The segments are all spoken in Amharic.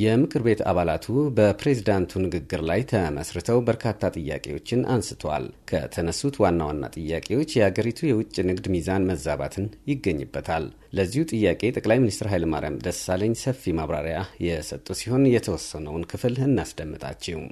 የምክር ቤት አባላቱ በፕሬዝዳንቱ ንግግር ላይ ተመስርተው በርካታ ጥያቄዎችን አንስተዋል። ከተነሱት ዋና ዋና ጥያቄዎች የአገሪቱ የውጭ ንግድ ሚዛን መዛባትን ይገኝበታል። ለዚሁ ጥያቄ ጠቅላይ ሚኒስትር ኃይለማርያም ደሳለኝ ሰፊ ማብራሪያ የሰጡ ሲሆን የተወሰነውን ክፍል እናስደምጣችው።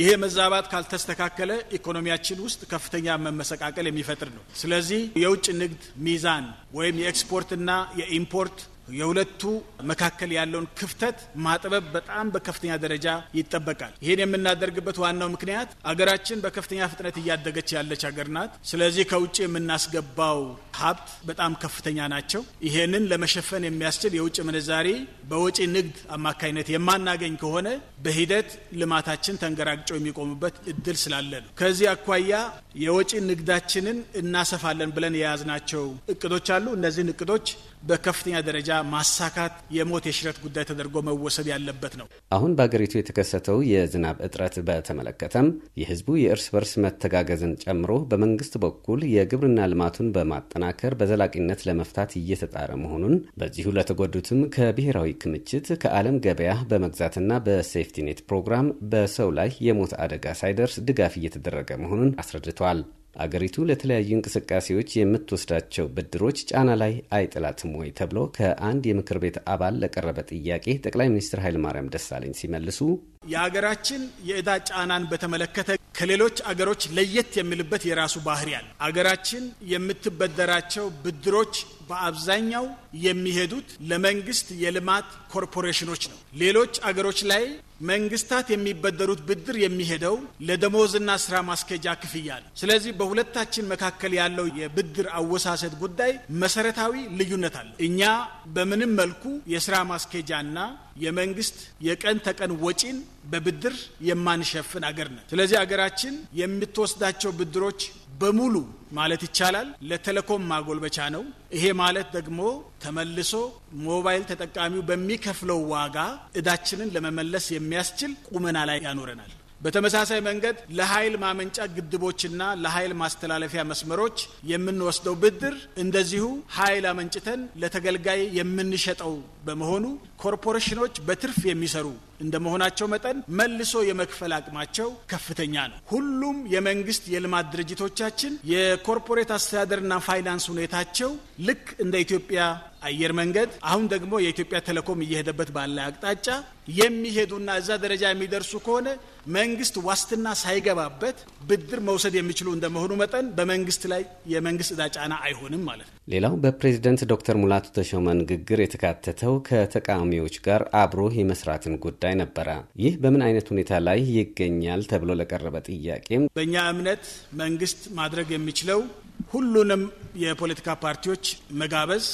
ይሄ መዛባት ካልተስተካከለ ኢኮኖሚያችን ውስጥ ከፍተኛ መመሰቃቀል የሚፈጥር ነው። ስለዚህ የውጭ ንግድ ሚዛን ወይም የኤክስፖርትና የኢምፖርት የሁለቱ መካከል ያለውን ክፍተት ማጥበብ በጣም በከፍተኛ ደረጃ ይጠበቃል። ይህን የምናደርግበት ዋናው ምክንያት አገራችን በከፍተኛ ፍጥነት እያደገች ያለች ሀገር ናት። ስለዚህ ከውጭ የምናስገባው ሀብት በጣም ከፍተኛ ናቸው። ይሄንን ለመሸፈን የሚያስችል የውጭ ምንዛሪ በወጪ ንግድ አማካኝነት የማናገኝ ከሆነ በሂደት ልማታችን ተንገራግጮ የሚቆሙበት እድል ስላለ ነው። ከዚህ አኳያ የወጪ ንግዳችንን እናሰፋለን ብለን የያዝናቸው እቅዶች አሉ። እነዚህን እቅዶች በከፍተኛ ደረጃ ማሳካት የሞት የሽረት ጉዳይ ተደርጎ መወሰድ ያለበት ነው። አሁን በአገሪቱ የተከሰተው የዝናብ እጥረት በተመለከተም የህዝቡ የእርስ በርስ መተጋገዝን ጨምሮ በመንግስት በኩል የግብርና ልማቱን በማጠናከር በዘላቂነት ለመፍታት እየተጣረ መሆኑን በዚሁ ለተጎዱትም ከብሔራዊ ክምችት ከዓለም ገበያ በመግዛትና በሴፍቲኔት ፕሮግራም በሰው ላይ የሞት አደጋ ሳይደርስ ድጋፍ እየተደረገ መሆኑን አስረድቷል። አገሪቱ ለተለያዩ እንቅስቃሴዎች የምትወስዳቸው ብድሮች ጫና ላይ አይጥላትም ወይ ተብሎ ከአንድ የምክር ቤት አባል ለቀረበ ጥያቄ ጠቅላይ ሚኒስትር ኃይለማርያም ደሳለኝ ሲመልሱ የሀገራችን የእዳ ጫናን በተመለከተ ከሌሎች አገሮች ለየት የሚልበት የራሱ ባህሪ አለ። አገራችን የምትበደራቸው ብድሮች በአብዛኛው የሚሄዱት ለመንግስት የልማት ኮርፖሬሽኖች ነው። ሌሎች አገሮች ላይ መንግስታት የሚበደሩት ብድር የሚሄደው ለደሞዝና ስራ ማስኬጃ ክፍያ ነው። ስለዚህ በሁለታችን መካከል ያለው የብድር አወሳሰድ ጉዳይ መሰረታዊ ልዩነት አለ። እኛ በምንም መልኩ የስራ ማስኬጃና የመንግስት የቀን ተቀን ወጪን በብድር የማንሸፍን አገር ነን። ስለዚህ አገራችን የምትወስዳቸው ብድሮች በሙሉ ማለት ይቻላል። ለቴሌኮም ማጎልበቻ ነው። ይሄ ማለት ደግሞ ተመልሶ ሞባይል ተጠቃሚው በሚከፍለው ዋጋ እዳችንን ለመመለስ የሚያስችል ቁመና ላይ ያኖረናል። በተመሳሳይ መንገድ ለኃይል ማመንጫ ግድቦችና ለኃይል ማስተላለፊያ መስመሮች የምንወስደው ብድር እንደዚሁ ኃይል አመንጭተን ለተገልጋይ የምንሸጠው በመሆኑ ኮርፖሬሽኖች በትርፍ የሚሰሩ እንደመሆናቸው መጠን መልሶ የመክፈል አቅማቸው ከፍተኛ ነው። ሁሉም የመንግስት የልማት ድርጅቶቻችን የኮርፖሬት አስተዳደርና ፋይናንስ ሁኔታቸው ልክ እንደ ኢትዮጵያ አየር መንገድ አሁን ደግሞ የኢትዮጵያ ቴሌኮም እየሄደበት ባለ አቅጣጫ የሚሄዱና እዛ ደረጃ የሚደርሱ ከሆነ መንግስት ዋስትና ሳይገባበት ብድር መውሰድ የሚችሉ እንደመሆኑ መጠን በመንግስት ላይ የመንግስት እዳ ጫና አይሆንም ማለት ነው። ሌላው በፕሬዝደንት ዶክተር ሙላቱ ተሾመ ንግግር የተካተተው ከተቃዋሚዎች ጋር አብሮ የመስራትን ጉዳይ ነበረ። ይህ በምን አይነት ሁኔታ ላይ ይገኛል ተብሎ ለቀረበ ጥያቄም በእኛ እምነት መንግስት ማድረግ የሚችለው ሁሉንም የፖለቲካ ፓርቲዎች መጋበዝ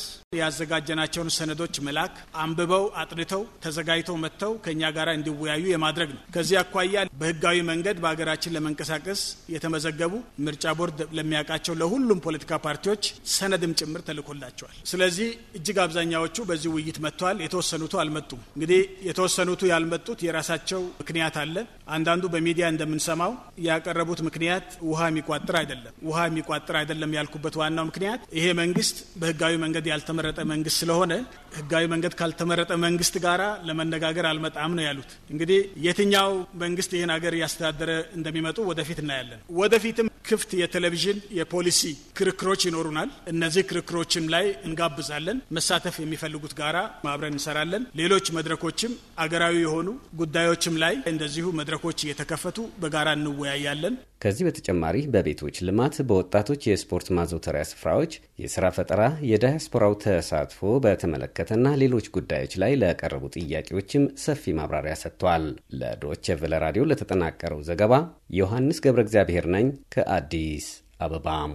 ያዘጋጀናቸውን ሰነዶች መላክ አንብበው አጥንተው ተዘጋጅተው መጥተው ከእኛ ጋር እንዲወያዩ የማድረግ ነው። ከዚህ አኳያ በህጋዊ መንገድ በሀገራችን ለመንቀሳቀስ የተመዘገቡ ምርጫ ቦርድ ለሚያውቃቸው ለሁሉም ፖለቲካ ፓርቲዎች ሰነድም ጭምር ተልኮላቸዋል። ስለዚህ እጅግ አብዛኛዎቹ በዚህ ውይይት መጥተዋል። የተወሰኑቱ አልመጡም። እንግዲህ የተወሰኑቱ ያልመጡት የራሳቸው ምክንያት አለ። አንዳንዱ በሚዲያ እንደምንሰማው ያቀረቡት ምክንያት ውሃ የሚቋጥር አይደለም። ውሃ የሚቋጥር አይደለም ያልኩበት ዋናው ምክንያት ይሄ መንግስት በህጋዊ መንገድ ያልተመረ የተመረጠ መንግስት ስለሆነ ህጋዊ መንገድ ካልተመረጠ መንግስት ጋራ ለመነጋገር አልመጣም ነው ያሉት። እንግዲህ የትኛው መንግስት ይህን ሀገር እያስተዳደረ እንደሚመጡ ወደፊት እናያለን። ወደፊትም ክፍት የቴሌቪዥን የፖሊሲ ክርክሮች ይኖሩናል። እነዚህ ክርክሮችም ላይ እንጋብዛለን። መሳተፍ የሚፈልጉት ጋራ ማብረን እንሰራለን። ሌሎች መድረኮችም አገራዊ የሆኑ ጉዳዮችም ላይ እንደዚሁ መድረኮች እየተከፈቱ በጋራ እንወያያለን። ከዚህ በተጨማሪ በቤቶች ልማት፣ በወጣቶች የስፖርት ማዘውተሪያ ስፍራዎች፣ የስራ ፈጠራ፣ የዳያስፖራው ተ ተሳትፎ በተመለከተና ሌሎች ጉዳዮች ላይ ለቀረቡ ጥያቄዎችም ሰፊ ማብራሪያ ሰጥቷል። ለዶቼ ቨለ ራዲዮ ለተጠናቀረው ዘገባ ዮሐንስ ገብረ እግዚአብሔር ነኝ ከአዲስ አበባም